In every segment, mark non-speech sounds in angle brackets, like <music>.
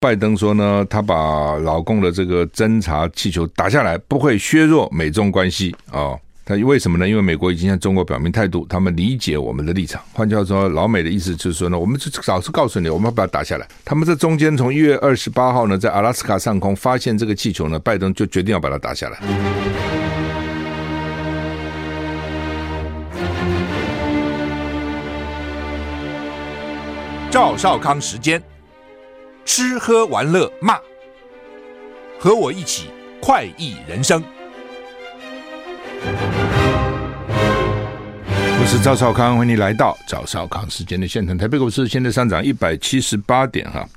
拜登說呢，他把老共的這個偵察氣球打下來，不會削弱美中關係啊、哦。他為什麼呢？因為美國已經向中國表明態度，他們理解我們的立場。換句話說，老美的意思就是說呢，我們就早就告訴你，我們要把它打下來。他們這中間從一月二十八號呢，在阿拉斯加上空發現這個氣球呢，拜登就決定要把它打下來。趙少康時間。吃喝玩樂罵，和我一起快意人生。我是趙少康，歡迎你來到趙少康時間的現場。台北股市現在上漲一百七十八點哈，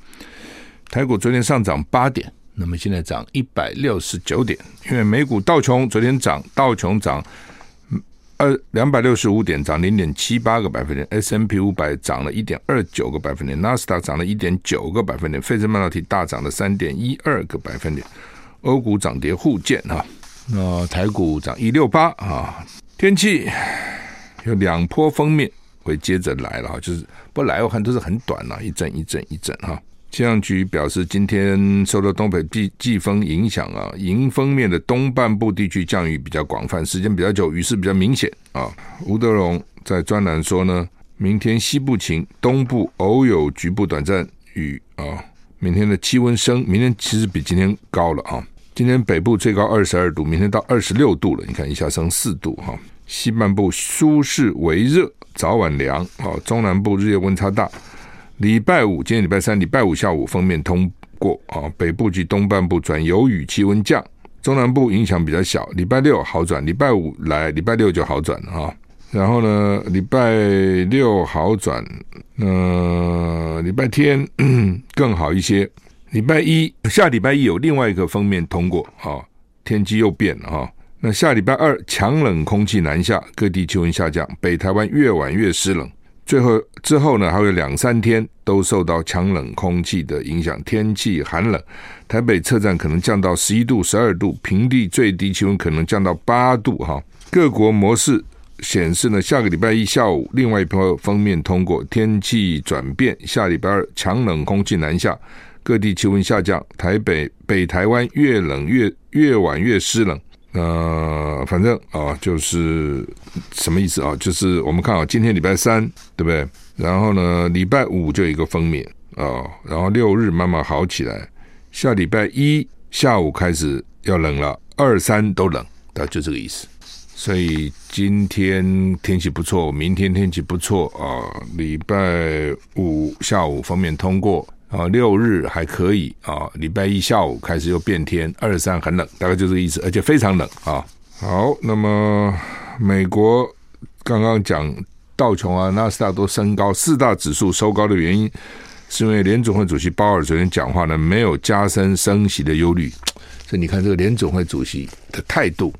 台股昨天上漲八點，那麼現在漲一百六十九點，因為美股道瓊昨天漲，道瓊漲。呃，兩百六十五點，漲零點七八個百分點，S&P 五百漲了一點二九個百分點，納斯達漲了一點九個百分點，費城半導體大漲了三點一二個百分點，歐股漲跌互見哈，那、呃、台股漲一六八啊，天氣有兩波鋒面會接着來了哈，就是不來我看都是很短吶、啊，一陣一陣一陣哈、啊。氣象局表示，今天受到東北季季風影響啊，迎風面的東半部地區降雨比較廣泛，時間比較久，雨勢比較明顯啊。吳德榮在專欄說呢，明天西部晴，東部偶有局部短暫雨啊。明天的氣溫升，明天其實比今天高了啊。今天北部最高二十二度，明天到二十六度了，你看一下升四度哈、啊。西半部舒適微熱，早晚涼啊。中南部日夜溫差大。禮拜五，今天禮拜三，禮拜五下午鋒面通過啊，北部及東半部轉有雨，氣溫降，中南部影響比較小。禮拜六好轉，禮拜五來，禮拜六就好轉了哈。然後呢，禮拜六好轉，呃，禮拜天更好一些。禮拜一下禮拜一有另外一個鋒面通過，哈，天氣又變了哈。那下禮拜二強冷空氣南下，各地氣溫下降，北台灣越晚越濕冷。最後之後呢，還有兩三天都受到強冷空氣的影響，天氣寒冷。台北車站可能降到十一度、十二度，平地最低氣溫可能降到八度哈。各國模式顯示呢，下個禮拜一下午，另外一波鋒面通過，天氣轉變。下禮拜二，強冷空氣南下，各地氣溫下降，台北、北台灣越冷越越晚越濕冷。呃，反正啊、呃，就是什麼意思啊？就是我們看啊，今天禮拜三，對不對？然後呢，禮拜五就一個鋒面啊、呃，然後六日慢慢好起來，下禮拜一下午開始要冷了，二三都冷，大、呃、家就這個意思。所以今天天氣不錯，明天天氣不錯啊、呃，禮拜五下午鋒面通過。啊，六日還可以啊，禮拜一下午開始又變天，二三很冷，大概就是這個意思，而且非常冷啊。好，那麼美國剛剛講道瓊啊、納斯達都升高，四大指數收高的原因，是因為聯準會主席鮑爾昨天講話呢，沒有加深升息的憂慮，所以你看這個聯準會主席的態度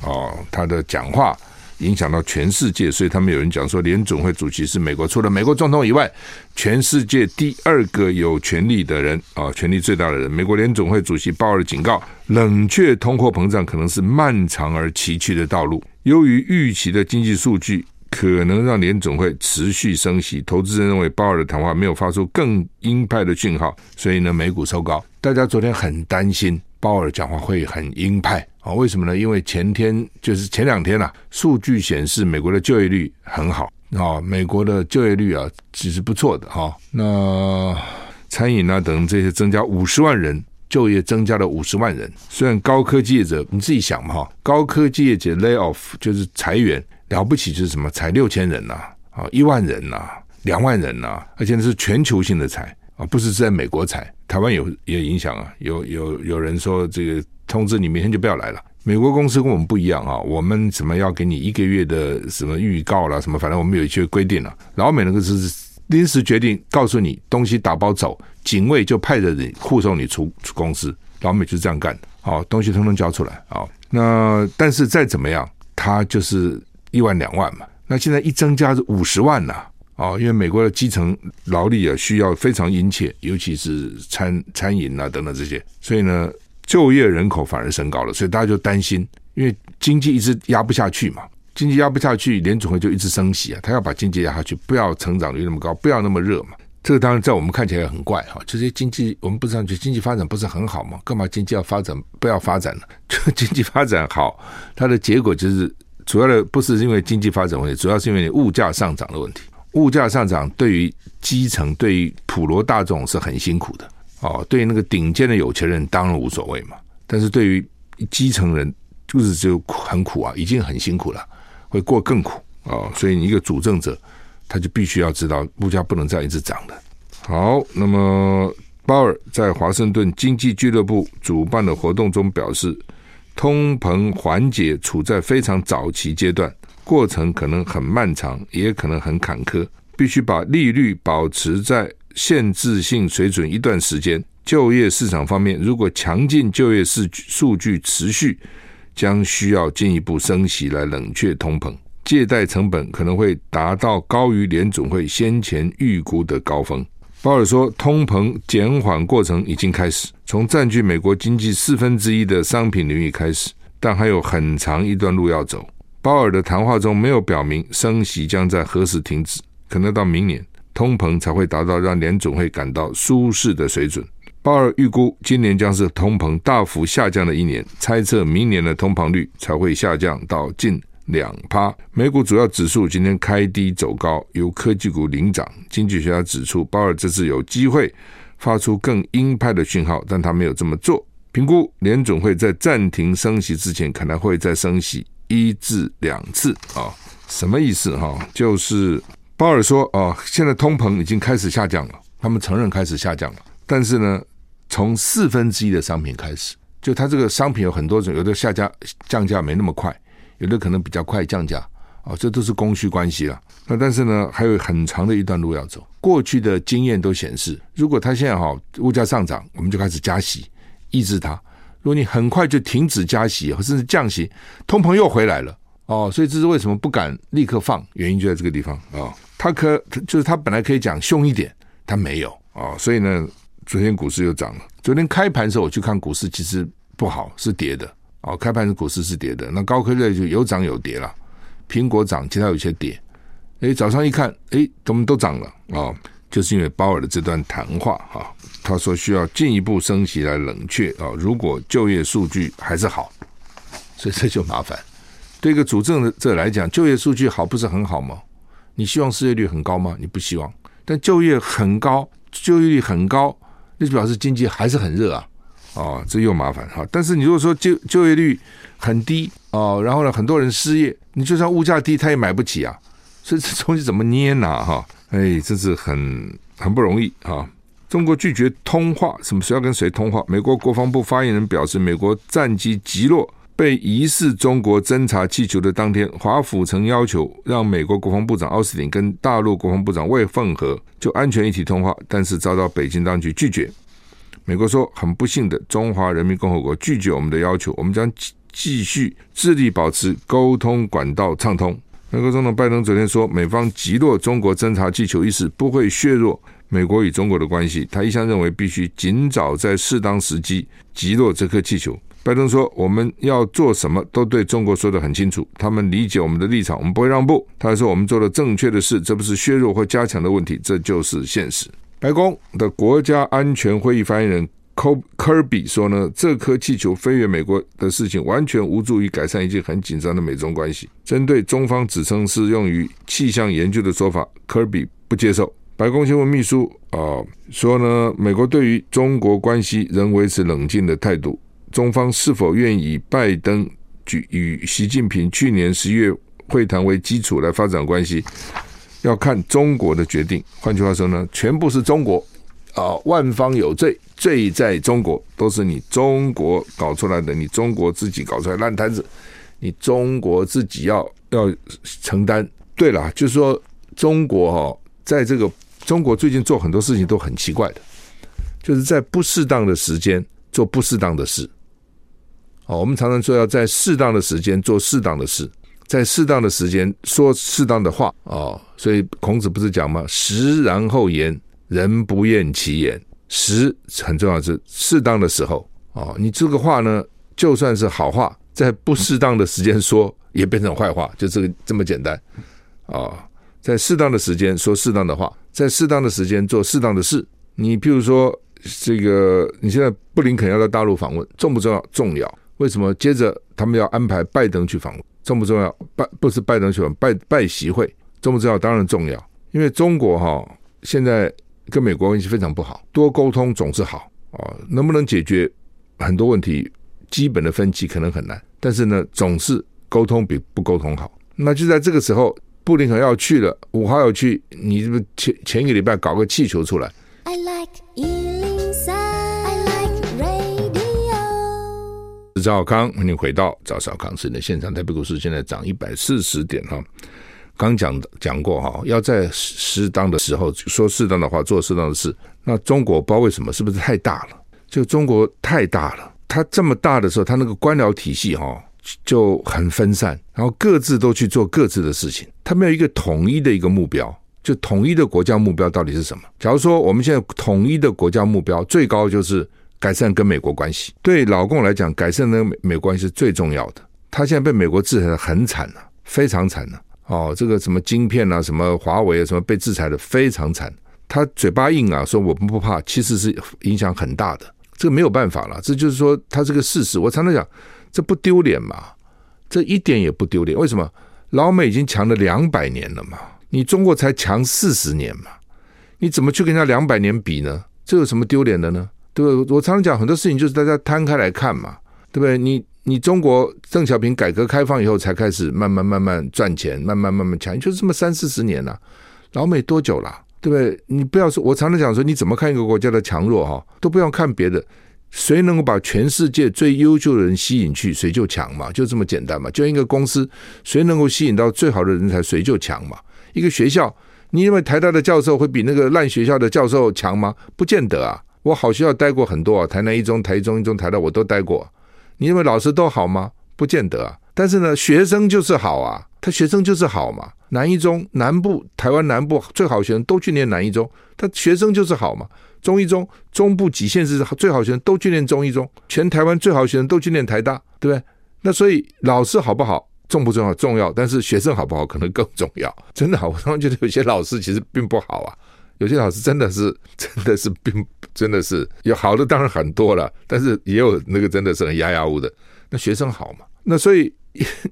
啊，他的講話。影響到全世界，所以他們有人講說，聯總會主席是美國除了美國總統以外，全世界第二個有權力的人啊，權力最大的人。美國聯總會主席鮑爾警告，冷卻通貨膨脹可能是漫長而崎嶇的道路。由於預期的經濟數據可能讓聯總會持續升息，投資人認為鮑爾的談話沒有發出更鷹派的訊號，所以呢，美股收高。大家昨天很擔心鮑爾講話會很鷹派。啊、哦，為什麼呢？因為前天就是前兩天啊，數據顯示美國的就業率很好啊、哦，美國的就業率啊，其實不錯的哈、哦。那餐飲啊等這些增加五十萬人，就業增加了五十萬人。雖然高科技業者，你自己想嘛哈，高科技業者 lay off 就是裁員了不起，就是什麼裁六千人吶、啊，啊、哦、一萬人吶、啊，兩萬人吶、啊，而且那是全球性的裁啊、哦，不是在美國裁，台灣有也影響啊，有有有人說這個。通知你，明天就不要來了。美國公司跟我們不一樣啊，我們什麼要給你一個月的什麼預告啦、啊，什麼反正我們有一些規定了、啊。老美那個是臨時決定，告訴你東西打包走，警衛就派着你護送你出，出公司。老美就這樣幹的。好、哦，東西通通交出來。好、哦，那但是再怎麼樣，他就是一萬兩萬嘛。那現在一增加是五十萬吶、啊。哦，因為美國的基層勞力啊，需要非常殷切，尤其是餐餐飲啊等等這些，所以呢。就業人口反而升高了，所以大家就擔心，因為經濟一直壓不下去嘛。經濟壓不下去，聯準會就一直升息啊。他要把經濟壓下去，不要成長率那麼高，不要那麼熱嘛。這個當然在我們看起來也很怪哈，就是經濟我們不上去，經濟發展不是很好嘛？幹嘛經濟要發展？不要發展呢？就經濟發展好，它的結果就是主要的不是因為經濟發展問題，主要是因為你物價上漲的問題。物價上漲對於基層、對於普羅大眾是很辛苦的。哦，對於那個頂尖的有錢人當然無所謂嘛，但是對於基層人就是只有很苦啊，已經很辛苦了，會過更苦啊，哦，所以你一個主政者，他就必須要知道物價不能再一直漲了。好，那麼鮑爾在華盛頓經濟俱樂部主辦的活動中表示，通膨緩解處在非常早期階段，過程可能很漫長，也可能很坎坷。必須把利率保持在限制性水準一段時間。就業市場方面，如果強勁就業市數據持續，將需要進一步升息來冷卻通膨。借貸成本可能會達到高於聯準會先前預估的高峰。鮑爾說：“通膨減緩過程已經開始，從占據美國經濟四分之一的商品領域開始，但還有很長一段路要走。”鮑爾的談話中沒有表明升息將在何時停止。可能到明年，通膨才會達到讓聯準會感到舒適的水準。鮑爾預估今年將是通膨大幅下降的一年，猜測明年的通膨率才會下降到近兩趴。美股主要指數今天開低走高，由科技股領漲。經濟學家指出，鮑爾這次有機會發出更鷹派的訊號，但他沒有這麼做。評估聯準會在暫停升息之前，可能會再升息一至兩次。啊、哦，什麼意思、哦？哈，就是。鮑爾說：“啊，現在通膨已經開始下降了，他們承認開始下降了。但是呢，從四分之一的商品開始，就它這個商品有很多種，有的下架降，降價沒那麼快，有的可能比較快降價。啊，這都是供需關係了。那但是呢，還有很長的一段路要走。過去的經驗都顯示，如果它現在哈物價上漲，我們就開始加息抑制它。如果你很快就停止加息甚至降息，通膨又回來了。”哦，所以這是為什麼不敢立刻放，原因就在這個地方啊、哦。他可就是他本來可以講凶一點，他沒有啊、哦。所以呢，昨天股市又漲了。昨天開盤的時候，我去看股市，其實不好，是跌的啊、哦。開盤的股市是跌的，那高科技就有漲有跌了。蘋果漲，其他有些跌。哎，早上一看，哎，怎麼都漲了啊、哦，就是因為鮑爾的這段談話啊、哦，他說需要進一步升息來冷卻啊、哦。如果就業數據還是好，所以這就麻煩。對一個主政者來講，就業數據好不是很好嗎？你希望失業率很高嗎？你不希望。但就業很高，就業率很高，那就表示經濟還是很熱啊！哦，這又麻煩哈。但是你如果說就就業率很低哦，然後呢，很多人失業，你就算物價低，他也買不起啊。所以這東西怎麼捏呢？哈，哎，這是很很不容易啊。中國拒絕通話，什麼誰要跟誰通話？美國國防部發言人表示，美國戰機擊落。被疑似中國偵察氣球的當天，華府曾要求讓美國國防部長奧斯汀跟大陸國防部長魏鳳和就安全議題通話，但是遭到北京當局拒絕。美國說：“很不幸的，中華人民共和國拒絕我們的要求，我們將繼繼續致力保持溝通管道暢通。”美國總統拜登昨天說：“美方擊落中國偵察氣球一事不會削弱美國與中國的關係。他一向認為必須盡早在適當時機擊落這顆氣球。”拜登說：“我們要做什麼，都對中國說得很清楚，他們理解我們的立場，我們不會讓步。”他還說：“我們做了正確的事，這不是削弱或加強的問題，這就是現實。”白宮的國家安全會議發言人科科比說：“呢，這顆氣球飛越美國的事情，完全無助於改善已經很緊張的美中關係。”針對中方指稱是用於氣象研究的說法，科比不接受。白宮新聞秘書啊說：“呢，美國對於中國關係仍維持冷靜的態度。”中方是否願意拜登舉與習近平去年十一月會談為基礎來發展關係？要看中國的決定。換句話說呢，全部是中國啊、呃，萬方有罪，罪在中國，都是你中國搞出來的，你中國自己搞出來爛攤子，你中國自己要要承擔。對了，就是說中國哈、哦，在這個中國最近做很多事情都很奇怪的，就是在不適當的時間做不適當的事。哦、我們常常說要在適當的時間做適當的事，在適當的時間說適當的話啊、哦。所以孔子不是講嗎？時然後言，人不厭其言。時很重要的是，是適當的時候哦，你這個話呢，就算是好話，在不適當的時間說，也變成壞話。就這、是、個這麼簡單啊、哦。在適當的時間說適當的話，在適當的時間做適當的事。你譬如說，這個你現在布林肯要到大陸訪問，重不重要？重要。為什麼接着他們要安排拜登去訪問？重不重要？拜不是拜登去訪、拜拜習會，重不重要？當然重要。因為中國哈、啊、現在跟美國關係非常不好，多溝通總是好啊。能不能解決很多問題？基本的分歧可能很難，但是呢，總是溝通比不溝通好。那就在這個時候，布林肯要去了，五號要去，你這個前前一個禮拜搞個氣球出來。I like you. 趙少康，歡迎回到趙少康時間，現場台北股市現在漲一百四十點哈。剛講講過哈，要在適當的時候說適當的話，做適當的事。那中國不知道為什麼，是不是太大了？就中國太大了，它這麼大的時候，它那個官僚體系哦就很分散，然後各自都去做各自的事情，它沒有一個統一的一個目標。就統一的國家目標到底是什麼？假如說我們現在統一的國家目標最高就是。改善跟美國關係，對老共來講，改善跟美美關係是最重要的。他現在被美國制裁的很慘了、啊，非常慘了、啊。哦，這個什麼晶片啊，什麼華為，啊，什麼被制裁的非常慘。他嘴巴硬啊，說我們不怕，其實是影響很大的。這個沒有辦法了，這就是說，他這個事實。我常常講，這不丟臉嘛，這一點也不丟臉。為什麼？老美已經強了兩百年了嘛，你中國才強四十年嘛，你怎麼去跟人家兩百年比呢？這有什麼丟臉的呢？對不對？我常常講很多事情就是大家攤開來看嘛，對不對？你你中國鄧小平改革開放以後才開始慢慢慢慢賺錢，慢慢慢慢強，就是這麼三四十年了啊。老美多久了啊？對不對？你不要說，我常常講說你怎麼看一個國家的強弱哈，都不要看別的，誰能夠把全世界最優秀的人吸引去，誰就強嘛，就這麼簡單嘛。就一個公司，誰能夠吸引到最好的人才，誰就強嘛。一個學校，你認為台大的教授會比那個爛學校的教授強嗎？不見得啊。我好學校待過很多啊，台南一中、台中一中、一中、台大，我都待過。你認為老師都好嗎？不見得啊。但是呢，學生就是好啊，他學生就是好嘛。南一中南部台灣南部最好學生都去念南一中，他學生就是好嘛。中一中中部幾縣市最好學生都去念中一中，全台灣最好學生都去念台大，對不對？那所以老師好不好重不重要？重要，但是學生好不好可能更重要。真的啊，我突然覺得有些老師其實並不好啊。有些老師真的是，真的是並真的是有好的，當然很多了，但是也有那個真的是很壓壓物的。那學生好嘛？那所以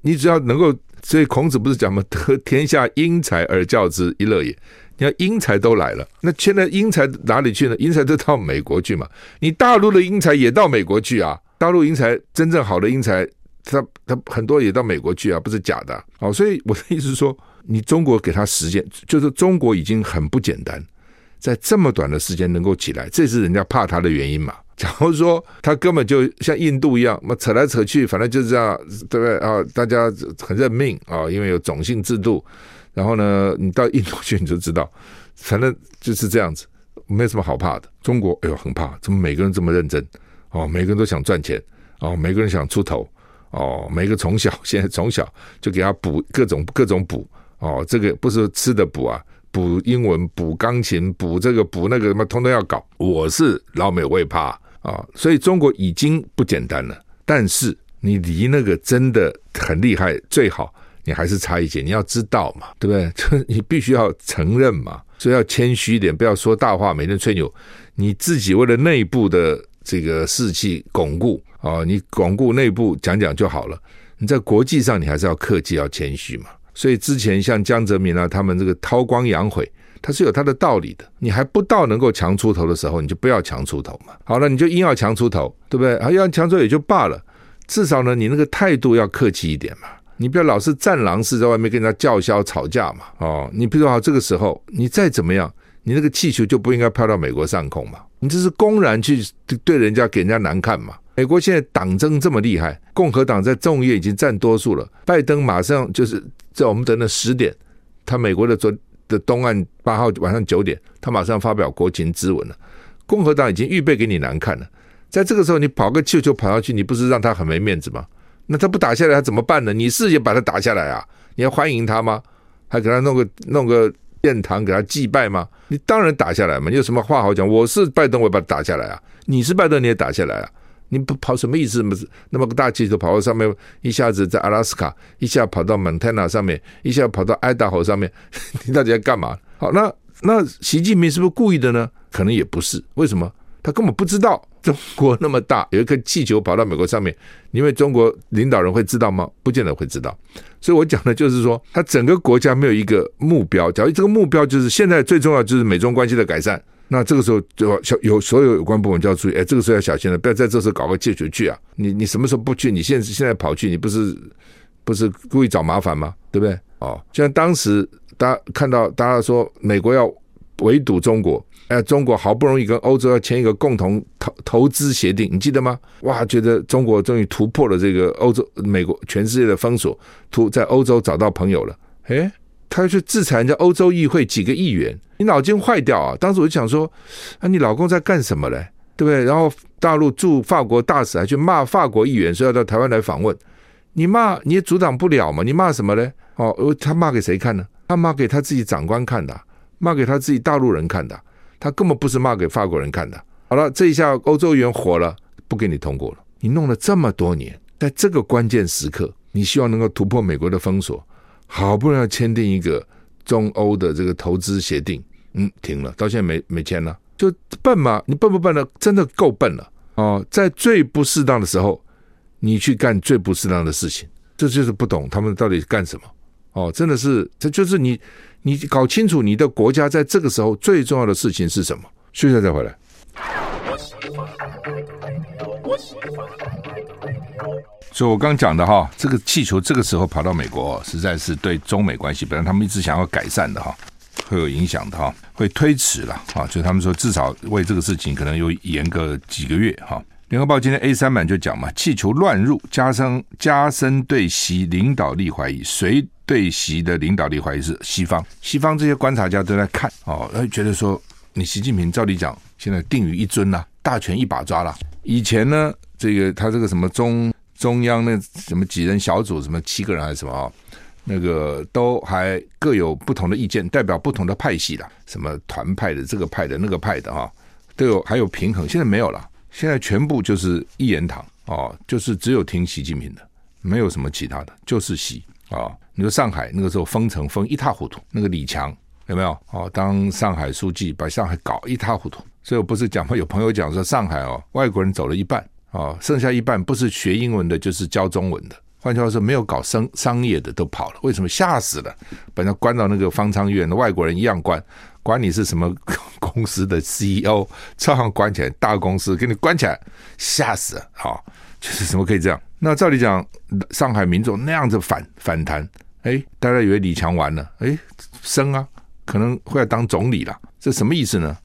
你只要能夠，所以孔子不是講嘛，“得天下英才而教之一樂也”。你要英才都來了，那現在英才哪裡去呢？英才都到美國去嘛？你大陸的英才也到美國去啊？大陸英才真正好的英才。他他很多也到美國去啊，不是假的哦、啊，所以我的意思是說，你中國給他時間，就是中國已經很不簡單，在這麼短的時間能夠起來，這是人家怕他的原因嘛。假如說他根本就像印度一樣，嘛扯來扯去，反正就是這樣，對不對啊？大家很認命啊，因為有種姓制度。然後呢，你到印度去你就知道，反正就是這樣子，沒什麼好怕的。中國哎呦很怕，怎麼每個人這麼認真哦、啊，每個人都想賺錢哦、啊，每個人想出頭。哦，每個從小現在從小就給他補各種各種補哦，這個不是吃的補啊，補英文、補鋼琴、補這個、補那個什麼，通通要搞。我是老美我也怕啊、哦，所以中國已經不簡單了。但是你離那個真的很厲害，最好你還是差一點。你要知道嘛，對不對？就你必須要承認嘛，所以要謙虛一點，不要說大話，每天吹牛。你自己為了內部的這個士氣鞏固。哦，你鞏固內部講講就好了。你在國際上，你還是要客氣，要謙虛嘛。所以之前像江澤民啊，他們這個韜光養晦，他是有他的道理的。你還不到能夠強出頭的時候，你就不要強出頭嘛。好了，你就硬要強出頭，對不對？還要強出頭也就罷了，至少呢，你那個態度要客氣一點嘛。你不要老是戰狼式在外面跟人家叫囂、吵架嘛。哦，你比如說這個時候，你再怎麼樣，你那個氣球就不應該飄到美國上空嘛。你這是公然去對人家給人家難看嘛。美國現在黨爭這麼厲害，共和黨在眾議院已經占多數了。拜登馬上就是在我們等到十點，他美國的昨的東岸八號晚上九點，他馬上發表國情諮文了。共和黨已經預備給你難看了。在這個時候，你跑個氣球跑上去，你不是讓他很沒面子嗎？那他不打下來，他怎麼辦呢？你是也把他打下來啊？你要歡迎他嗎？還給他弄個弄個殿堂給他祭拜嗎？你當然打下來嘛！你有什麼話好講？我是拜登，我也把他打下來啊！你是拜登，你也打下來啊！你不跑什麼意思？那麼個大氣球，跑到上面，一下子在阿拉斯加，一下跑到蒙大拿上面，一下跑到愛達荷上面，你到底在幹嘛？好，那那習近平是不是故意的呢？可能也不是。為什麼？他根本不知道中國那麼大，有一個氣球跑到美國上面，你以為中國領導人會知道嗎？不見得會知道。所以我講的就是說，他整個國家沒有一個目標，假如這個目標就是現在最重要就是美中關係的改善。那這個時候就要有所有有關部門就要注意，哎，這個時候要小心了，不要在這時候搞個借酒去啊！你你什麼時候不去？你現在現在跑去，你不是不是故意找麻煩嗎？對不對？哦，就像當時大家看到大家說美國要圍堵中國，哎，中國好不容易跟歐洲要簽一個共同投投資協定，你記得嗎？哇，覺得中國終於突破了這個歐洲、美國、全世界的封鎖，突在歐洲找到朋友了，誒。他要去制裁人家歐洲議會幾個議員，你腦筋壞掉啊！當時我就想說，啊，你老公在幹什麼嘞？對不對？然後大陸駐法國大使還去罵法國議員，說要到台灣來訪問，你罵你也阻擋不了嘛？你罵什麼嘞？哦，他罵給誰看呢？他罵給他自己長官看的、啊，罵給他自己大陸人看的，他根本不是罵給法國人看的。好了，這一下歐洲議員火了，不給你通過了。你弄了這麼多年，在這個關鍵時刻，你希望能夠突破美國的封鎖。好不容易要簽訂一個中歐的這個投資協定，嗯，停了，到現在沒沒簽了，就笨嘛！你笨不笨呢？真的夠笨了啊、哦！在最不適當的時候，你去幹最不適當的事情，這就是不懂他們到底幹什麼哦！真的是，這就是你，你搞清楚你的國家在這個時候最重要的事情是什麼，休息再回來的。我所以，我剛講的哈，這個氣球這個時候跑到美國，哦，實在是對中美關係，本來他們一直想要改善的哈，會有影響的哈，會推遲了哈。所以他們說，至少為這個事情，可能又延個幾個月哈。《聯合報》今天 A 三版就講嘛，氣球亂入，加深加深對習領導力懷疑。誰對習的領導力懷疑是西方？西方這些觀察家都在看哦，覺得說，你習近平照理講，現在定於一尊吶、啊，大權一把抓了。以前呢？這個他這個什麼中中央那什麼幾人小組什麼七個人還是什麼啊、哦？那個都還各有不同的意見，代表不同的派系啦，什麼團派的、這個派的那個派的哈、哦，都有還有平衡。現在沒有了，現在全部就是一言堂哦，就是只有聽習近平的，沒有什麼其他的，就是習啊、哦。你說上海那個時候封城封一塌糊塗，那個李強有沒有哦，當上海書記把上海搞一塌糊塗，所以我不是講嘛，有朋友講說上海哦，外國人走了一半。哦，剩下一半不是學英文的，就是教中文的。換句話說，沒有搞商商業的都跑了。為什麼？嚇死了，本來關到那個方艙醫院的外國人一樣關。管你是什麼公司的 CEO，這樣關起來，大公司給你關起來，嚇死了。好、哦，就是怎麼可以這樣？那照理講，上海民眾那樣子反反彈，哎，大家以為李強完了，哎，升啊，可能會要當總理了。這什麼意思呢？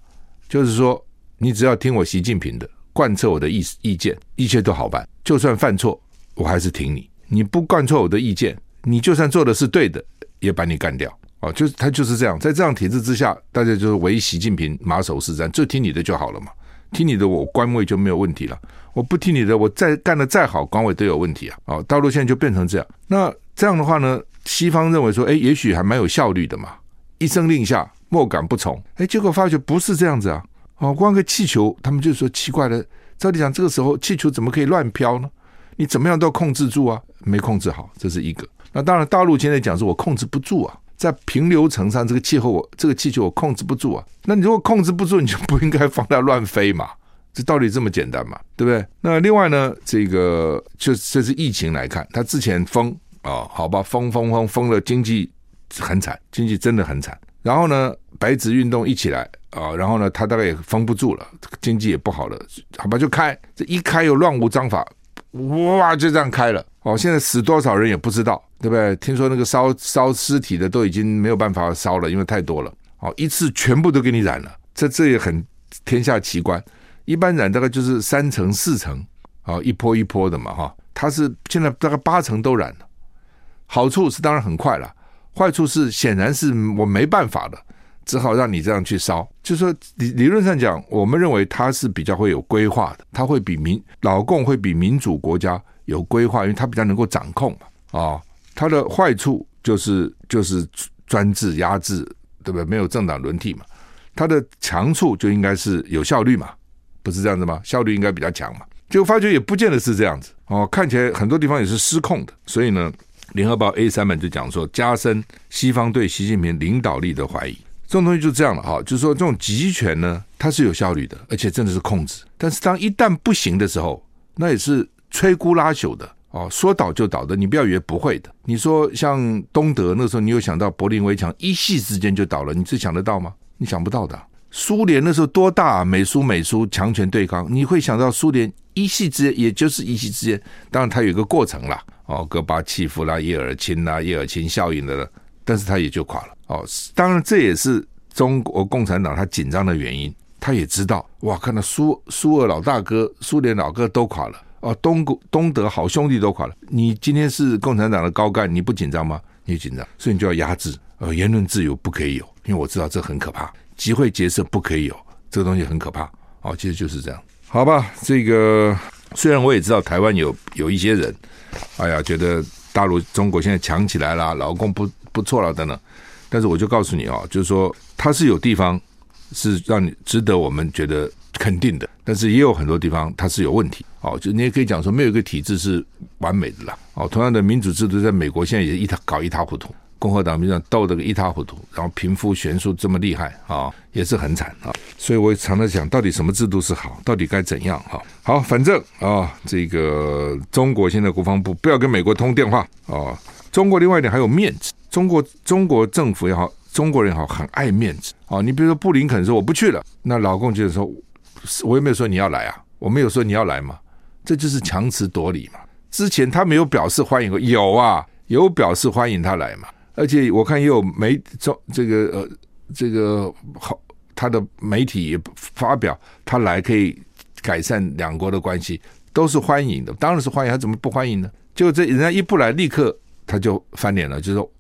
就是說，你只要聽我習近平的。貫徹我的意意見，一切都好辦。就算犯錯，我還是挺你。你不貫徹我的意見，你就算做的是對的，也把你幹掉啊、哦！就是他就是這樣，在這樣體制之下，大家就是唯習近平馬首是瞻，就聽你的就好了嘛。聽你的，我官位就沒有問題了。我不聽你的，我再幹得再好，官位都有問題啊！哦，道路現在就變成這樣。那這樣的話呢？西方認為說，誒，也許還蠻有效率的嘛，一聲令下，莫敢不從。誒，結果發覺不是這樣子啊。哦，光個氣球，他們就說奇怪了。照理講這個時候，氣球怎麼可以亂飄呢？你怎麼樣都要控制住啊？沒控制好，這是一個。那當然，大陸現在講是我控制不住啊，在平流層上這個氣候，我這個氣球我控制不住啊。那你如果控制不住，你就不應該放它亂飛嘛。這道理這麼簡單嘛，對不對？那另外呢，這個就這、是就是疫情來看，它之前封啊、哦，好吧，封封封封，封了，經濟很慘，經濟真的很慘。然後呢，白紙運動一起來。啊，然後呢，他大概也封不住了，經濟也不好了，好吧，就開，這一開又亂無章法，哇，就這樣開了。哦，現在死多少人也不知道，對不對？聽說那個燒燒屍體的都已經沒有辦法燒了，因為太多了。哦，一次全部都給你染了，這這也很天下奇觀。一般染大概就是三成四成，啊，一波一波的嘛，哈，它是現在大概八成都染了。好處是當然很快了，壞處是顯然是我沒辦法的。只好讓你這樣去燒，就是說理理論上講，我們認為它是比較會有規劃的，它會比民老共會比民主國家有規劃，因為它比較能夠掌控嘛。啊，它的壞處就是就是專制壓制，對不對？沒有政黨輪替嘛。它的強處就應該是有效率嘛，不是這樣子嗎？效率應該比較強嘛。就發覺也不見得是這樣子哦，看起來很多地方也是失控的。所以呢，《聯合報》A 三版就講說，加深西方對習近平領導力的懷疑。這種東西就這樣了哈、哦，就是說這種集權呢，它是有效率的，而且真的是控制。但是當一旦不行的時候，那也是摧枯拉朽的哦，說倒就倒的。你不要以為不會的。你說像東德那時候，你有想到柏林圍牆一夕之間就倒了，你是想得到嗎？你想不到的、啊。蘇聯那時候多大、啊？美蘇美蘇強權對抗，你會想到蘇聯一夕之間，也就是一夕之間，當然它有一個過程啦，哦，戈巴契夫啦、葉爾欽啦、葉爾欽效應的啦，但是它也就垮了。哦，當然這也是中國共產黨他緊張的原因，他也知道哇，看到蘇蘇俄老大哥、蘇聯老哥都垮了哦，東東德好兄弟都垮了。你今天是共產黨的高幹，你不緊張嗎？你緊張，所以你就要壓制，呃，言論自由不可以有，因為我知道這很可怕，集會結社不可以有，這個東西很可怕。哦，其實就是這樣，好吧？這個雖然我也知道，台灣有有一些人，哎呀，覺得大陸中國現在強起來了，勞工不不錯了等等。但是我就告訴你啊、哦，就是說它是有地方是讓你值得我們覺得肯定的，但是也有很多地方它是有問題哦。就你也可以講說，沒有一個體制是完美的啦。哦，同樣的民主制度在美國現在也一塌搞一塌糊塗，共和黨、民主黨鬥得個一塌糊塗，然後貧富懸殊這麼厲害啊、哦，也是很慘啊、哦。所以我常常想到底什麼制度是好，到底該怎樣啊、哦？好，反正啊、哦，這個中國現在國防部不要跟美國通電話啊、哦。中國另外一點還有面子。中國中國政府也好，中國人也好，很愛面子啊、哦！你比如說，布林肯說我不去了，那老共就說，我也沒有說你要來啊？我沒有說你要來嘛，這就是強詞奪理嘛。之前他沒有表示歡迎過，有啊，有表示歡迎他來嘛。而且我看也有媒這這個呃這個好他的媒體也發表他來可以改善兩國的關係，都是歡迎的，當然是歡迎，他怎麼不歡迎呢？就這人家一不來，立刻他就翻臉了，就說。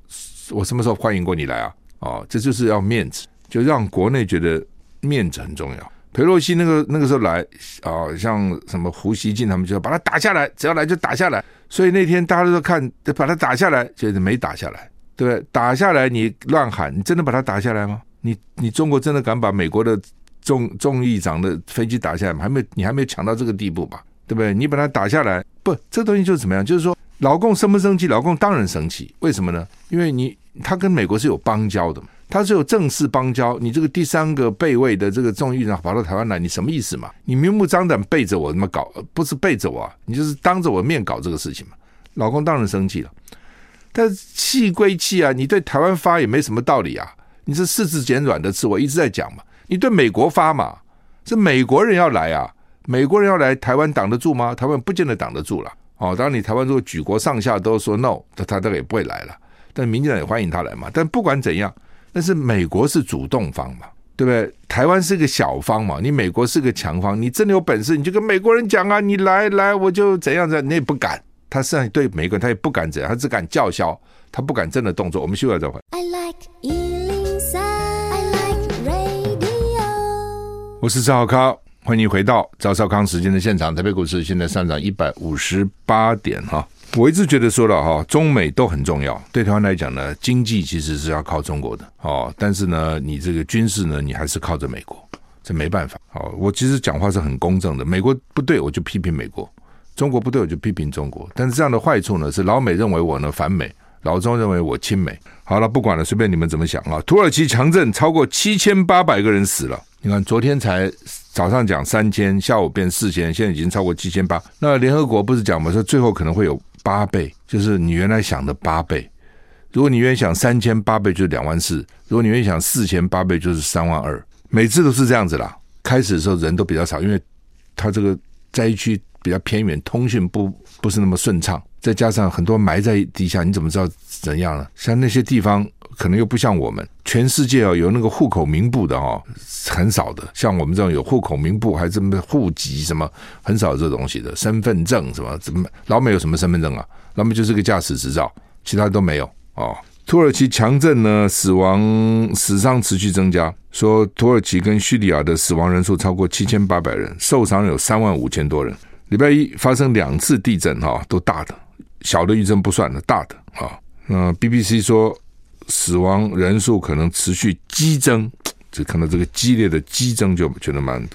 我什麼時候歡迎過你來啊？哦，這就是要面子，就讓國內覺得面子很重要。裴洛西那個那個時候來啊、哦，像什麼胡錫進他們就要把他打下來，只要來就打下來。所以那天大家都看，把他打下來，就是沒打下來，對不對？打下來你亂喊，你真的把他打下來嗎？你你中國真的敢把美國的眾眾議長的飛機打下來嗎？還沒，你還沒有強到這個地步吧？對不對？你把他打下來，不，這東西就是怎麼樣？就是說。老共生不生氣？老共當然生氣，為什麼呢？因為你他跟美國是有邦交的嘛，他是有正式邦交。你這個第三個備位的這個眾議長跑到台灣來，你什麼意思嘛？你明目張膽背着我這麼搞，不是背着我啊，你就是當着我面搞這個事情嘛。老共當然生氣了，但是氣歸氣啊，你對台灣發也沒什麼道理啊。你是柿子撿軟的吃，我一直在講嘛。你對美國發嘛，是美國人要來啊，美國人要來，台灣擋得住嗎？台灣不見得擋得住了。哦，當然，你台灣如果舉國上下都說 no，他他大概也不會來了。但民進黨也歡迎他來嘛。但不管怎樣，但是美國是主動方嘛，對不對？台灣是個小方嘛，你美國是個強方，你真的有本事，你就跟美國人講啊，你來來，我就怎樣怎樣你也不敢。他雖然對美國人，他也不敢怎樣，他只敢叫囂，他不敢真的動作。我們休息再回。I like 一零三，I like radio。我是趙少康。歡迎你回到趙少康時間的現場。台北股市現在上漲一百五十八點哈。我一直覺得說了哈，中美都很重要。對台灣來講呢，經濟其實是要靠中國的哦，但是呢，你這個軍事呢，你還是靠着美國，這沒辦法哦。我其實講話是很公正的，美國不對，我就批評美國，中國不對，我就批評中國。但是這樣的壞處呢，是老美認為我呢，反美。老中認為我親美，好了，不管了，隨便你們怎麼想啊。土耳其強震超過七千八百個人死了，你看昨天才早上講三千，下午變四千，現在已經超過七千八。那聯合國不是講嘛，說最後可能會有八倍，就是你原來想的八倍。如果你原來想三千八倍就是兩萬四，如果你原想四千八倍就是三萬二，每次都是這樣子啦。開始的時候人都比較少，因為他這個災區比較偏遠，通訊不。不是那麼順暢，再加上很多埋在地下，你怎麼知道怎樣呢？像那些地方，可能又不像我們。全世界哦，有那個戶口名簿的哦，很少的。像我們這種有戶口名簿，還這麼戶籍什麼，很少這東西的。身份證什麼怎麼，老美有什麼身份證啊？老美就是個駕駛執照，其他都沒有哦。土耳其強震呢，死亡死傷持續增加，說土耳其跟敘利亞的死亡人數超過七千八百人，受傷有三萬五千多人。禮拜一發生兩次地震哈，都大的，小的餘震不算的，大的哈，那 BBC 說死亡人數可能持續激增，這看到這個激烈的激增就覺得蠻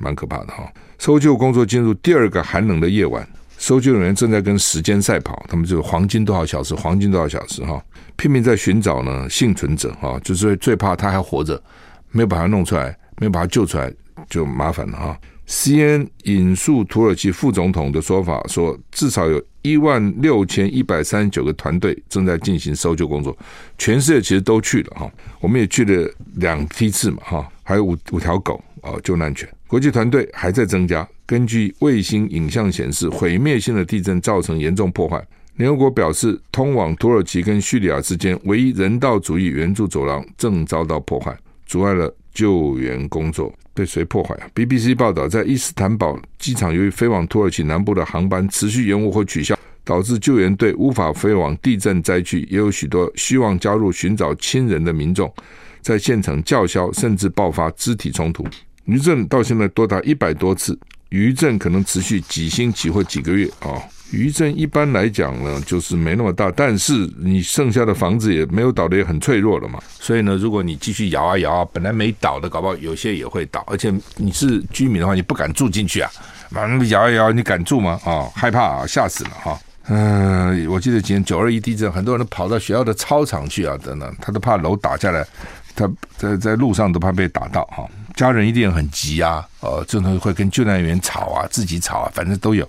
蠻可怕的哈。搜救工作進入第二個寒冷的夜晚，搜救人員正在跟時間賽跑，他們就是黃金多少小時，黃金多少小時哈，拼命在尋找呢幸存者哈，就是最怕他還活着，沒有把他弄出來，沒有把他救出來，就麻煩了哈。CNN 引述土耳其副總統的說法說，說至少有一萬六千一百三十九個團隊正在進行搜救工作，全世界其實都去了哈，我們也去了兩批次嘛哈，還有五五條狗啊，救難犬，國際團隊還在增加。根據衛星影像顯示，毀滅性的地震造成嚴重破壞。聯合國表示，通往土耳其跟敘利亞之間唯一人道主義援助走廊正遭到破壞，阻礙了。救援工作被誰破壞啊？BBC 報道，在伊斯坦堡機場，由於飛往土耳其南部的航班持續延誤或取消，導致救援隊無法飛往地震災區。也有許多希望加入尋找親人的民眾在現場叫囂，甚至爆發肢體衝突。餘震到現在多達一百多次，餘震可能持續幾星期或幾個月啊。哦餘震一般來講呢，就是沒那麼大，但是你剩下的房子也沒有倒的，也很脆弱了嘛。所以呢，如果你繼續搖啊搖，啊，本來沒倒的，搞不好有些也會倒。而且你是居民的話，你不敢住進去啊，滿、嗯、搖一搖，你敢住嗎？啊、哦，害怕啊，嚇死了哈、啊。嗯、呃，我記得今天九二一地震，很多人都跑到學校的操場去啊，等等，他都怕樓打下來，他在在路上都怕被打到哈、哦。家人一定很急啊，呃，這種會跟救難員吵啊，自己吵啊，反正都有。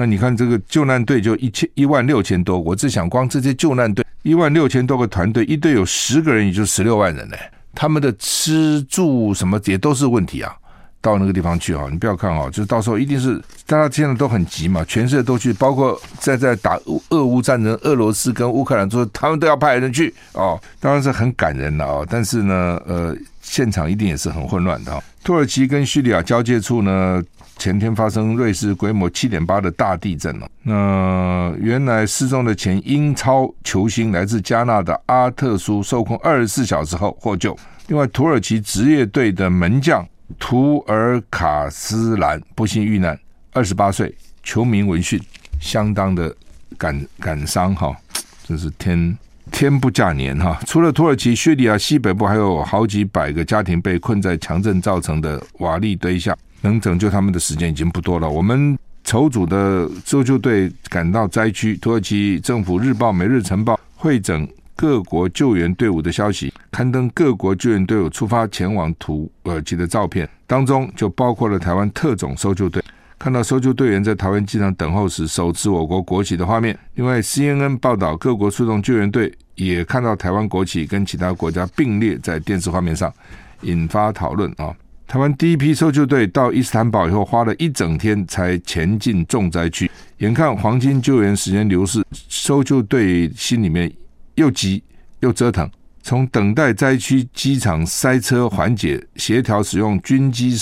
那你看這個救難隊就一千一萬六千多，我只想光這些救難隊一萬六千多個團隊，一隊有十個人，也就十六萬人呢。他們的吃住什麼也都是問題啊，到那個地方去啊、哦，你不要看啊、哦，就是到時候一定是大家現在都很急嘛，全世界都去，包括在在打俄烏戰爭，俄羅斯跟烏克蘭說他們都要派人去哦，當然是很感人的啊、哦，但是呢，呃，現場一定也是很混亂的、哦。土耳其跟敘利亞交界處呢，前天發生瑞士規模七點八的大地震了、哦。那原來失蹤的前英超球星來自加納的阿特蘇，受控二十四小時後獲救。另外，土耳其職業隊的門將圖爾卡斯蘭不幸遇難，二十八歲。球迷聞訊相當的感感傷哈，真是天天不假年哈、哦。除了土耳其敘利亞西北部，還有好幾百個家庭被困在強震造成的瓦礫堆下。能拯救他們的時間已經不多了。我們籌組的搜救隊趕到災區，土耳其政府日報《每日晨報》彙整各國救援隊伍的消息，刊登各國救援隊伍出發前往土耳其的照片，當中就包括了台灣特種搜救隊。看到搜救隊員在台灣機場等候時手持我國國旗的畫面。另外，CNN 報道各國出動救援隊，也看到台灣國旗跟其他國家並列在電視畫面上，引發討論啊。台灣第一批搜救隊到伊斯坦堡以後，花了一整天才前進重災區。眼看黃金救援時間流逝，搜救隊心裡面又急又折騰。從等待災區機場塞車緩解，協調使用軍機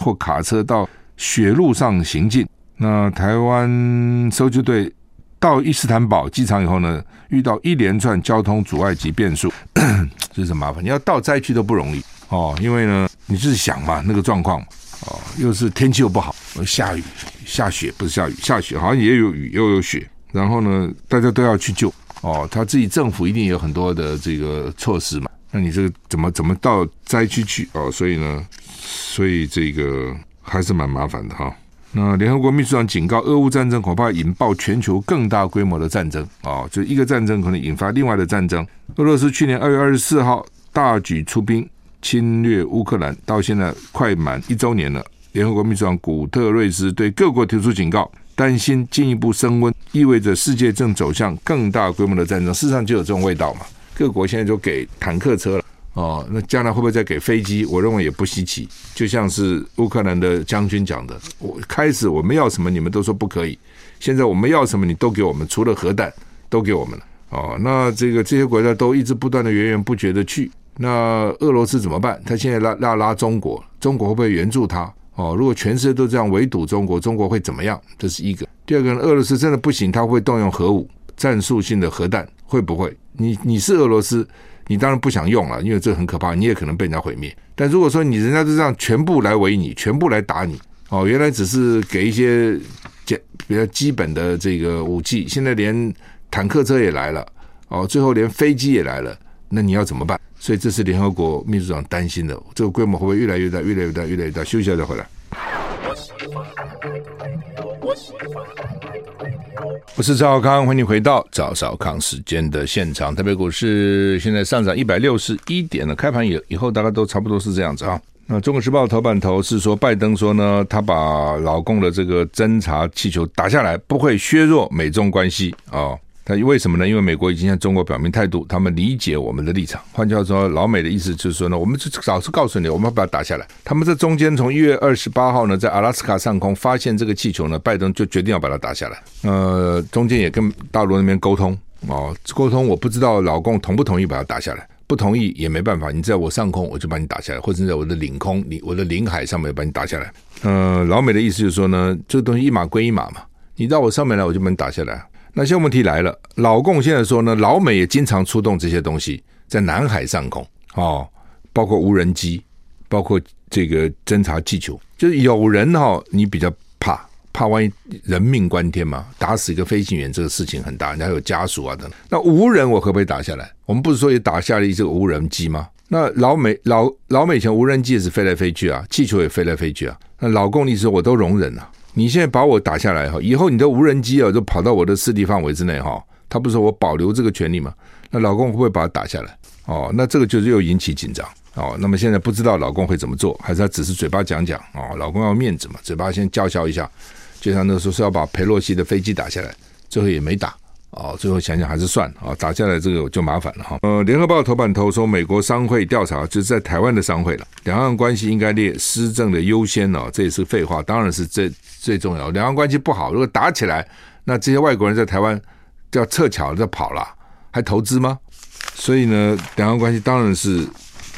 或卡車到雪路上行進。那台灣搜救隊到伊斯坦堡機場以後呢，遇到一連串交通阻礙及變數， <coughs> 這是麻煩。你要到災區都不容易哦，因為呢。你自己想嘛，那個狀況，哦，又是天氣又不好，下雨下雪，不是下雨下雪，好像也有雨又有雪。然後呢，大家都要去救哦。他自己政府一定有很多的這個措施嘛。那你這個怎麼怎麼到災區去哦？所以呢，所以這個還是蠻麻煩的哈。那聯合國秘書長警告，俄烏戰爭恐怕引爆全球更大規模的戰爭啊、哦！就一個戰爭可能引發另外的戰爭。俄羅斯去年二月二十四號大舉出兵。侵略烏克蘭到現在快滿一周年了，聯合國秘書長古特瑞斯對各國提出警告，擔心進一步升溫意味着世界正走向更大規模的戰爭，事實上就有這種味道嘛。各國現在就給坦克車了，哦，那將來會不會再給飛機？我認為也不稀奇。就像是烏克蘭的將軍講的，我開始我們要什麼你們都說不可以，現在我們要什麼你都給我們，除了核彈都給我們了。哦，那這個這些國家都一直不斷的源源不絕的去，那俄羅斯怎麼辦？他現在拉拉拉中國，中國會不會援助他？哦，如果全世界都這樣圍堵中國，中國會怎麼樣？這是一個。第二個呢，俄羅斯真的不行，他會動用核武，戰術性的核彈會不會？你你是俄羅斯，你當然不想用了啊，因為這很可怕，你也可能被人家毀滅。但如果說你人家就這樣全部來圍你，全部來打你，哦，原來只是給一些簡比較基本的這個武器，現在連。坦克車也來了，哦，最後連飛機也來了，那你要怎麼辦？所以這是聯合國秘書長擔心的，這個規模會不會越來越大、越來越大、越來越大？休息一下再回來。我是趙少康，歡迎回到趙少康時間的現場。特別股市現在上漲一百六十一點了，開盤以以後大概都差不多是這樣子啊、哦。那《中國時報》頭版頭是說，拜登說呢，他把老共的這個偵察氣球打下來，不會削弱美中關係啊。哦那為什麼呢？因為美國已經向中國表明態度，他們理解我們的立場。換句話說，老美的意思就是說呢，我們就早就告訴你，我們要把它打下來。他們這中間從一月二十八號呢，在阿拉斯加上空發現這個氣球呢，拜登就決定要把它打下來。呃，中間也跟大陸那邊溝通哦，溝通我不知道老共同不同意把它打下來，不同意也沒辦法，你在我上空我就把你打下來，或者是在我的領空，你我的領海上面把你打下來。嗯、呃，老美的意思就是說呢，這個東西一碼歸一碼嘛，你到我上面來，我就把你打下來。那現在問題來了，老共現在說呢，老美也經常出動這些東西在南海上空，哦，包括無人機，包括這個偵察氣球，就是有人哈，你比較怕，怕萬一人命關天嘛，打死一個飛行員這個事情很大，人家有家屬啊等等。那無人我可不可以打下來？我們不是說也打下了一隻無人機嗎？那老美老老美以前無人機也是飛來飛去啊，氣球也飛來飛去啊，那老共你說我都容忍了。你現在把我打下來哈，以後你的無人機就跑到我的勢力範圍之內，他不是說我保留這個權利嗎？那老公會不會把它打下來？哦，那這個就是又引起緊張哦。那麼現在不知道老公會怎麼做，還是他只是嘴巴講講哦，老公要面子嘛，嘴巴先叫囂一下，就像那時候是要把裴洛西的飛機打下來，最後也沒打。哦，最後想想還是算了啊，打下來這個就麻煩了哈。呃，《聯合報》頭版頭說，美國商會調查就是在台灣的商會了，兩岸關係應該列施政的優先呢。哦，這也是廢話，當然是最最重要。兩岸關係不好，如果打起來，那這些外國人在台灣就要撤僑就跑了，還投資嗎？所以呢，兩岸關係當然是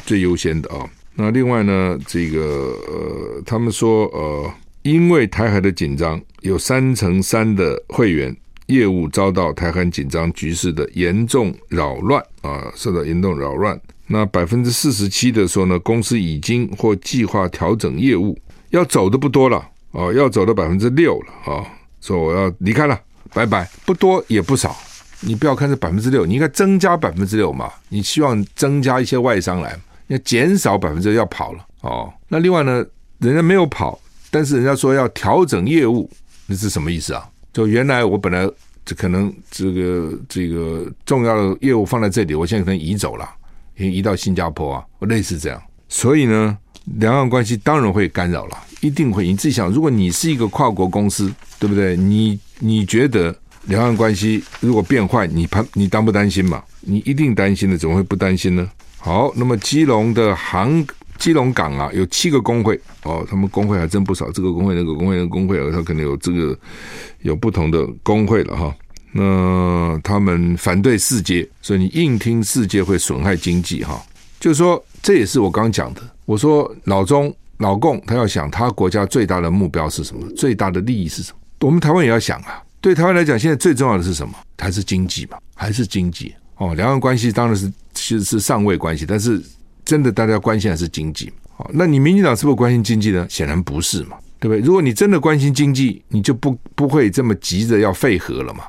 最優先的啊，哦。那另外呢，這個呃，他們說呃，因為台海的緊張，有三成三的會員。業務遭到台海緊張局勢的嚴重擾亂啊，受到嚴重擾亂。那百分之四十七的時候呢，公司已經或計劃調整業務，要走的不多了哦，要走的百分之六了啊，說、哦、我要離開了，拜拜，不多也不少。你不要看這百分之六，你應該增加百分之六嘛，你希望增加一些外商來，要減少百分之六要跑了哦。那另外呢，人家沒有跑，但是人家說要調整業務，那是什麼意思啊？就原來我本來這可能這個這個重要的業務放在這裡，我現在可能移走了，移、移到新加坡啊，我類似這樣。所以呢，兩岸關係當然會干擾了，一定會。你自己想，如果你是一個跨國公司，對不對？你你覺得兩岸關係如果變壞，你怕你擔不擔心嘛？你一定擔心的，怎麼會不擔心呢？好，那麼基隆的航。基隆港啊，有七個工會哦，他們工會還真不少。這個工會、那個工會、那個工會，他可能有這個有不同的工會了哈。那他們反對四接，所以你硬聽四接會損害經濟哈。就是說，這也是我剛講的。我說老中老共他要想他國家最大的目標是什麼，最大的利益是什麼。我們台灣也要想啊，對台灣來講，現在最重要的是什麼？還是經濟嘛？還是經濟？哦，兩岸關係當然是其實是上位關係，但是。真的，大家關心的是經濟。好，那你民進黨是不是關心經濟呢？顯然不是嘛，對不對？如果你真的關心經濟，你就不不會這麼急着要廢核了嘛。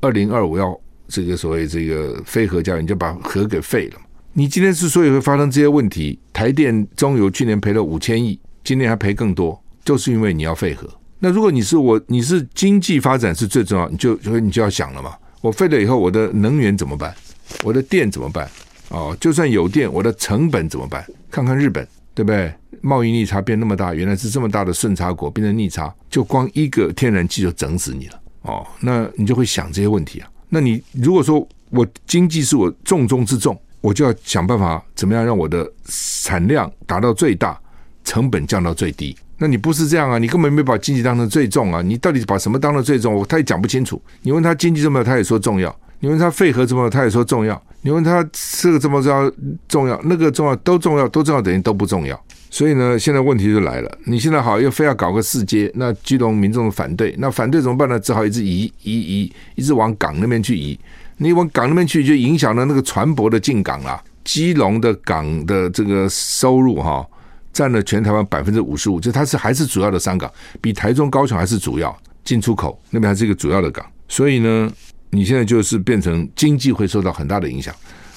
二零二五要這個所謂這個非核家園，你就把核給廢了嘛。你今天之所以會發生這些問題，台電、中油去年賠了五千億，今年還賠更多，就是因為你要廢核。那如果你是我，你是經濟發展是最重要，你就所以你就要想了嘛。我廢了以後，我的能源怎麼辦？我的電怎麼辦？哦，就算有電，我的成本怎麼辦？看看日本，對不對？貿易逆差變那麼大，原來是這麼大的順差國變成逆差，就光一個天然氣就整死你了。哦，那你就會想這些問題啊？那你如果說我經濟是我重中之重，我就要想辦法怎麼樣讓我的產量達到最大，成本降到最低。那你不是這樣啊？你根本沒把經濟當成最重啊？你到底把什麼當成最重？我他也講不清楚。你問他經濟重要，他也說重要。你問他廢核怎麼，他也說重要。你問他這個這麼重要，重要那個重要都重要，都重要等於都不重要。所以呢，現在問題就來了。你現在好又非要搞個四接。那基隆民眾反對，那反對怎麼辦呢？只好一直移移移，一直往港那邊去移。你往港那邊去，就影響了那個船舶的進港啊。基隆的港的這個收入哈、啊，占了全台灣百分之五十五，就它是還是主要的商港，比台中高雄還是主要進出口那邊還是一個主要的港。所以呢。你現在就是變成經濟會受到很大的影響。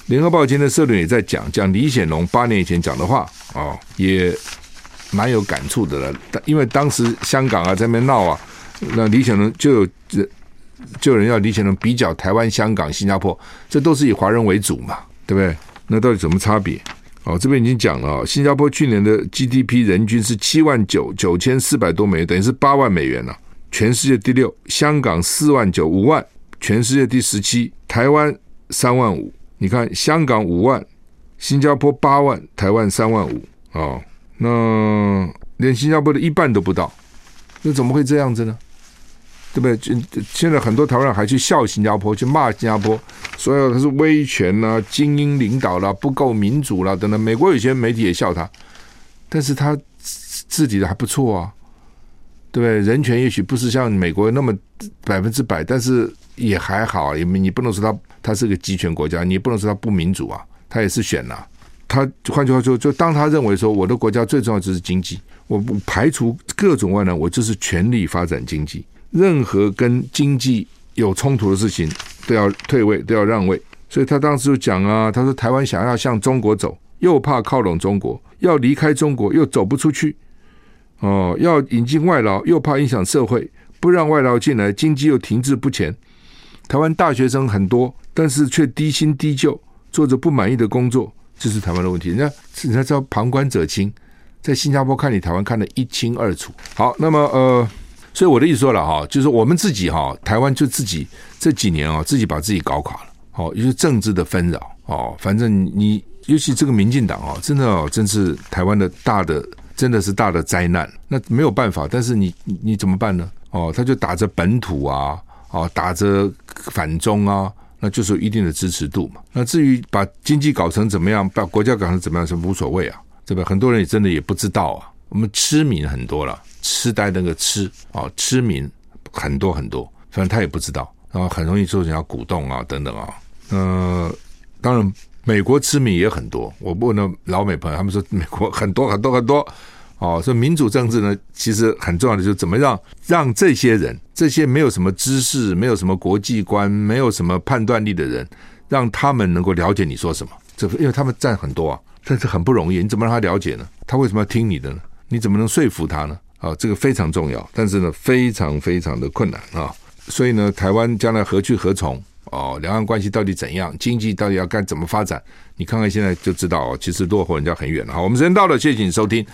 聯合報今天的社論也在講講李顯龍八年以前講的話哦，也蠻有感觸的了。因為當時香港啊在那邊鬧啊，那李顯龍就有就有人要李顯龍比較台灣、香港、新加坡，這都是以華人為主嘛，對不對？那到底什麼差別？哦，這邊已經講了，新加坡去年的 GDP 人均是七萬九九千四百多美元，等於是八萬美元了啊，全世界第六。香港四萬九五萬，全世界第十七，台灣三萬五，你看香港五萬，新加坡八萬，台灣三萬五，哦，那連新加坡的一半都不到，那怎麼會這樣子呢？對不對？就現在很多台灣人還去笑新加坡，去罵新加坡，說他是威權啦、啊、精英領導啦、啊、不夠民主啦、啊、等等。美國有些媒體也笑他，但是他自己的還不錯啊，對不對？人權也許不是像美國那麼百分之百，但是。也還好，因為你不能說他他是個極權國家，你不能說他不民主啊，他也是選吶、啊。他換句話說，就當他認為說，我的國家最重要的就是經濟，我不排除各種外呢，我就是全力發展經濟，任何跟經濟有衝突的事情都要退位，都要讓位。所以他當時就講啊，他說台灣想要向中國走，又怕靠攏中國；要離開中國，又走不出去。哦，要引進外勞，又怕影響社會，不讓外勞進來，經濟又停滯不前。台灣大學生很多，但是卻低薪低就，做着不滿意的工作，這、就是台灣的問題。人家，人家叫旁觀者清，在新加坡看你台灣，看得一清二楚。好，那麼呃，所以我的意思說了哈，就是我們自己哈，台灣就自己這幾年啊，自己把自己搞垮了。好，因為政治的紛擾哦，反正你，尤其這個民進黨啊，真的哦，真是台灣的大的，真的是大的災難。那沒有辦法，但是你你怎麼辦呢？哦，他就打着本土啊。哦，打着反中啊，那就是有一定的支持度嘛。那至於把經濟搞成怎麼樣，把國家搞成怎麼樣是無所謂啊。這個很多人也真的也不知道啊。我們痴迷很多了，痴呆那個痴啊，痴迷很多很多，反正他也不知道，然後很容易受人家鼓動啊，等等啊。嗯、呃，當然美國痴迷也很多。我問了老美朋友，他們說美國很多很多很多。哦，所以民主政治呢，其實很重要的就是怎麼讓讓這些人、這些沒有什麼知識、沒有什麼國際觀、沒有什麼判斷力的人，讓他們能夠了解你說什麼。這因為他們佔很多啊，但是很不容易。你怎麼讓他了解呢？他為什麼要聽你的呢？你怎麼能說服他呢？啊、哦，這個非常重要，但是呢，非常非常的困難啊、哦。所以呢，台灣將來何去何從？哦，兩岸關係到底怎樣？經濟到底要該怎麼發展？你看看現在就知道哦。其實落後人家很遠了。好，我們時間到了，謝謝你收聽。